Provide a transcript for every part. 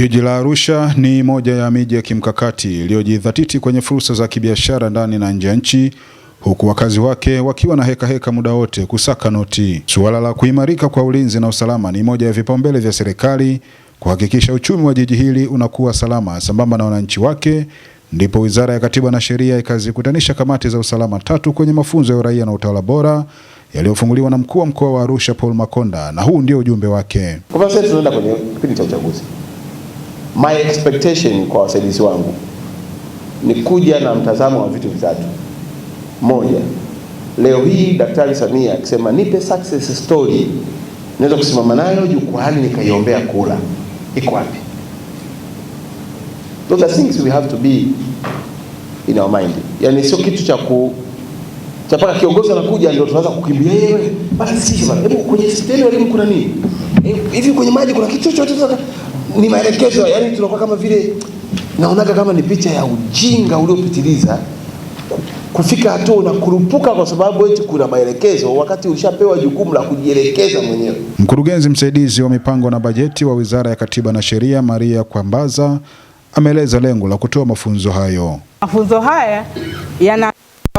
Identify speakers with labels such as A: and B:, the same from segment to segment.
A: Jiji la Arusha ni moja ya miji ya kimkakati iliyojidhatiti kwenye fursa za kibiashara ndani na nje ya nchi, huku wakazi wake wakiwa na hekaheka heka muda wote kusaka noti. Suala la kuimarika kwa ulinzi na usalama ni moja ya vipaumbele vya serikali kuhakikisha uchumi wa jiji hili unakuwa salama sambamba na wananchi wake, ndipo Wizara ya Katiba na Sheria ikazikutanisha kamati za usalama tatu kwenye mafunzo ya uraia na utawala bora yaliyofunguliwa na mkuu wa mkoa wa Arusha Paul Makonda, na huu ndio ujumbe wake.
B: Kwa sasa tunaenda kwenye kipindi cha uchaguzi. My expectation kwa wasaidizi wangu ni kuja na mtazamo wa vitu vitatu. Moja, leo hii Daktari Samia akisema nipe success story naweza kusimama nayo jukwaani nikaiombea kula, iko wapi? Those are things we have to be in our mind. Yani sio kitu cha ku cha mpaka kiongozi anakuja ndio tunaanza kukimbia yeye Basi sisi bana, hebu kwenye stendi walimu kuna nini hivi, kwenye maji kuna kitu chochote ni maelekezo yani, tunakuwa kama vile naonaga kama ni picha ya ujinga uliopitiliza kufika hatua unakurupuka kwa sababu eti kuna maelekezo, wakati ulishapewa jukumu la kujielekeza mwenyewe.
A: Mkurugenzi msaidizi wa mipango na bajeti wa Wizara ya Katiba na Sheria, Maria Kwambaza, ameeleza lengo la kutoa mafunzo hayo.
C: Mafunzo haya yana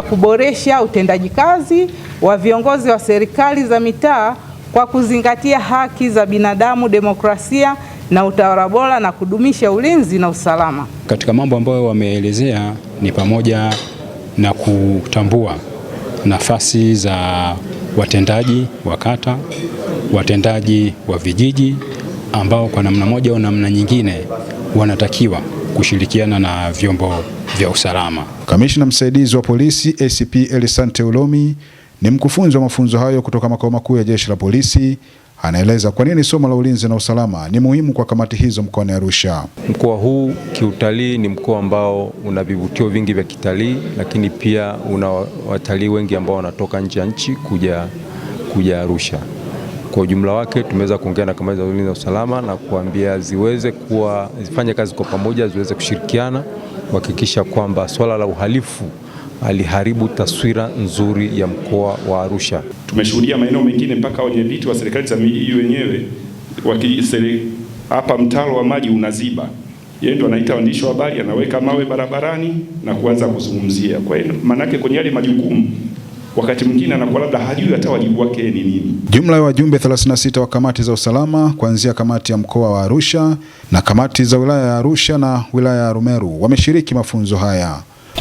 C: kuboresha utendaji kazi wa viongozi wa serikali za mitaa kwa kuzingatia haki za binadamu, demokrasia na utawala bora na kudumisha ulinzi na usalama.
D: Katika mambo ambayo wameelezea ni pamoja na kutambua nafasi za watendaji wa kata, watendaji wa vijiji ambao kwa namna moja au namna nyingine wanatakiwa kushirikiana na vyombo vya usalama.
A: Kamishna msaidizi wa polisi ACP Elisante Ulomi ni mkufunzi wa mafunzo hayo kutoka makao makuu ya Jeshi la Polisi anaeleza kwa nini somo la ulinzi na usalama ni muhimu kwa kamati hizo mkoani Arusha.
E: Mkoa huu kiutalii ni mkoa ambao una vivutio vingi vya kitalii, lakini pia una watalii wengi ambao wanatoka nje ya nchi kuja, kuja Arusha. Kwa ujumla wake tumeweza kuongea na kamati za ulinzi na usalama na kuambia ziweze kuwa zifanye kazi kwa pamoja, ziweze kushirikiana kuhakikisha kwamba swala la uhalifu aliharibu taswira nzuri ya mkoa wa Arusha.
F: Tumeshuhudia maeneo mengine mpaka wenyeviti wa serikali za miji wenyewe hapa mtaro wa maji unaziba, yeye ndo anaita waandishi wa habari, anaweka mawe barabarani na kuanza kuzungumzia. Kwa hiyo maanake kwenye yale majukumu wakati mwingine anakuwa labda hajui hata wajibu wake ni nini.
A: Jumla ya wajumbe 36 wa kamati za usalama kuanzia kamati ya mkoa wa Arusha na kamati za wilaya ya Arusha na wilaya ya Rumeru wameshiriki mafunzo haya.